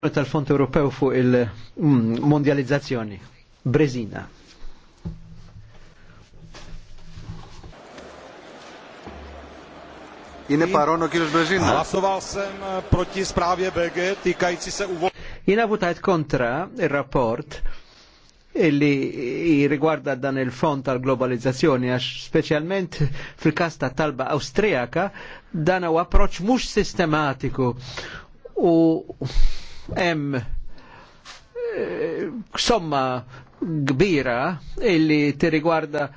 tal-Fond Ewropew fuq il-mondializzazzjoni. Brezina. Είναι parono kienu Brezina. Μπρεζίνα. sem jsem eh, proti zprávě BG týkající se uvo. Jina votajt kontra il-rapport illi riguarda dan il-fond tal-globalizzazzjoni għax specialment fil-kas ta' talba Austriaka dan u approċ mux sistematiku u hemm eh, somma kbira illi tirrigwarda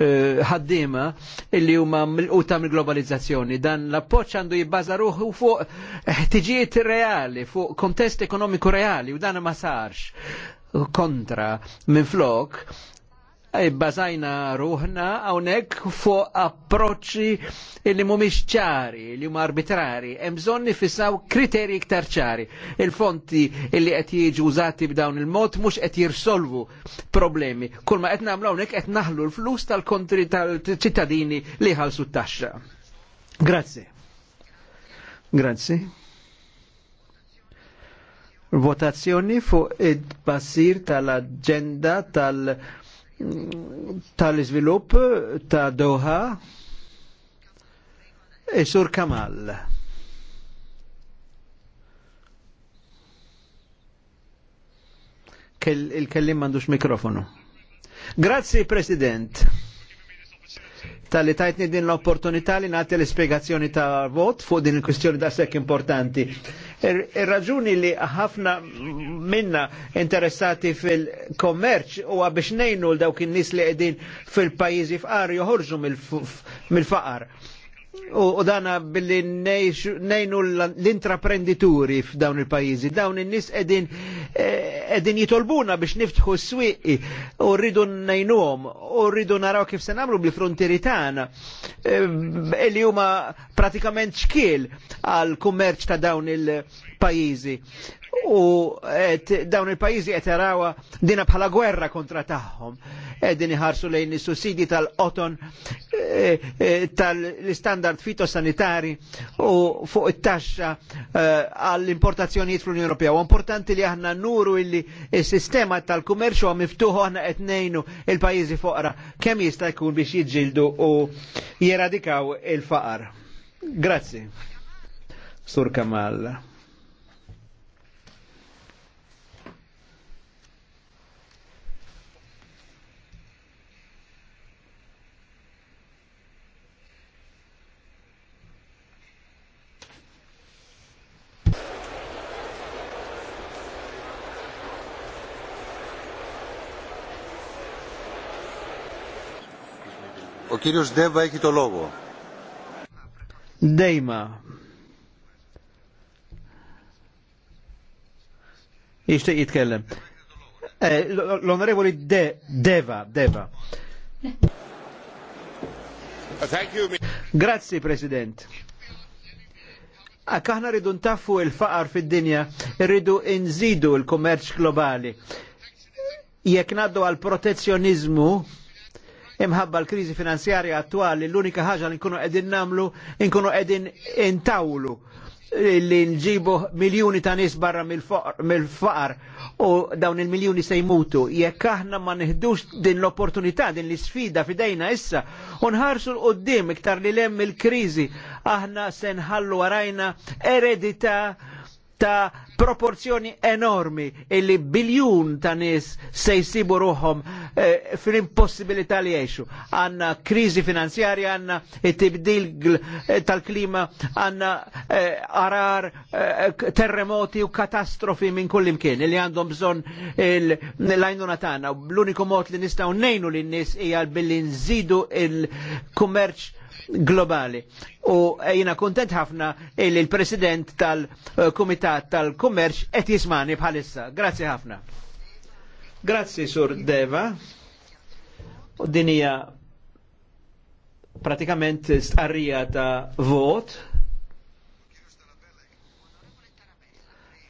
eh, ħaddima illi huma milquta mill-globalizzazzjoni. Dan l-appoġġ għandu jibbaża ruħu fuq ħtiġijiet reali, fuq kontest ekonomiku reali u dan ma sarx kontra minn flok bazajna ruħna hawnhekk fuq approċċi li mumiex ċari, li huma arbitrari, hemm bżonn nifisaw kriterji iktar ċari. Il-fonti li qed jiġu użati b'dawn il-mod mhux qed jirsolvu problemi. Kull ma qed nagħmlu hawnhekk qed naħlu l-flus tal-kontri tal-ċittadini li ħalsu t-taxxa. Grazzi. Grazzi. Votazzjoni fuq id-passir basir tal-, -agenda, tal tal izvilup ta' Doha e Sur Kamal. Il-kellim mandux mikrofonu. Grazie, President Tali tajtni din l-opportunità li nati l spiegazzjoni ta' vot fuq din il-kwistjoni da' sekk importanti. Ir-raġuni er- li ħafna minna interessati fil-kommerċ u biex nejnu l-dawk in-nies li qegħdin fil-pajjiżi fqar joħorġu mill-faqar. U dana billi nejnu l-intraprendituri f'dawn il-pajizi. Dawn il-nis edin, edin eh, jitolbuna biex niftħu s-swiqi u rridu nejnuhom u rridu naraw kif se namlu bl-frontieri tagħna eh, li huma pratikament xkiel għal kummerċ ta' dawn il-pajizi u dawn il-pajizi qed jarawha dina bħala gwerra kontra tagħhom. E, din iħarsu lejn is-sussidi tal-qoton e, e, tal-istandard fitosanitari u fuq it-taxxa għall-importazzjonijiet fl-Unjoni Ewropea. U importanti li aħna nuru illi s-sistema tal-kummerċu huwa miftuħ aħna qed ngħinu il-pajjiżi foqra kemm jista' jkun biex jiġġieldu u jeradikaw il-faqar. Grazzi. Sur Kamal. Ο κύριος Ντέβα έχει το λόγο. Ντέιμα. Ixte jitkellem. L-onorevoli Deva, Deva. Grazzi, President. Kaħna rridu ntaffu il-faqar fid-dinja, rridu nżidu il-kommerċ globali. Jekk naddu għal protezzjonizmu, imħabba l-kriżi finanzjarja attwali l-unika ħaġa li nkunu qegħdin namlu nkunu qegħdin intawlu li nġibu miljoni ta' nies barra mill-faqar u dawn il-miljoni se jmutu. Jekk aħna ma neħdux din l-opportunità, din l-sfida fidejna issa, u nħarsu l-qoddim iktar li lem il-kriżi, aħna se nħallu warajna eredità ta' proporzjoni enormi illi biljun ta' nis se jisibu ruħom eh, fil-impossibilità li jiexu. Għanna krizi finanzjarja, għanna tibdil eh, tal-klima, għanna eh, arar, eh, terremoti u katastrofi minn kull imkien illi għandhom bżon l-għajnuna tagħna. L-uniku mod li nistgħu nejnu lin-nies hija billi nżidu il-kummerċ globali. U jina kontent ħafna il l president tal-Kumitat tal kommerċ qed jismani bħalissa. Grazzi ħafna. Grazzi Sur Deva. U dinija pratikament starrija ta' vot.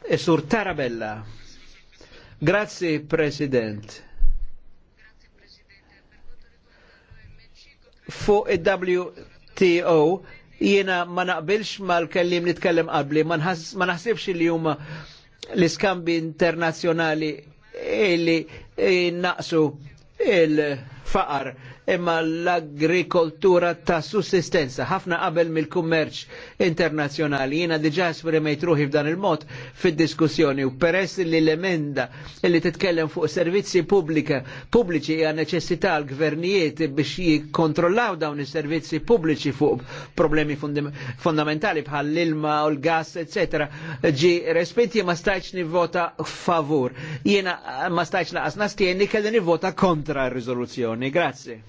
E sur Tarabella. Grazie President. fuq il-WTO jiena ma naqbilx mal-kellim li qabli, ma naħsibx li huma l-iskambi internazzjonali illi eh, naqsu il- faqar imma l-agrikoltura ta' sussistenza ħafna qabel mill-kummerċ internazzjonali jiena diġà esprimejt ruħi f'dan il-mod fid-diskussjoni u peress li l-emenda li titkellem fuq servizzi pubblika pubbliċi hija neċessità l gvernijiet biex jikkontrollaw dawn is-servizzi pubbliċi fuq problemi fondamentali bħal l-ilma u l-gas, eccetera, ġi respinti ma stajċ nivvota favur. Jiena ma stajċ naqas nastieni kelli nivvota kontra r-riżoluzzjoni Grazie.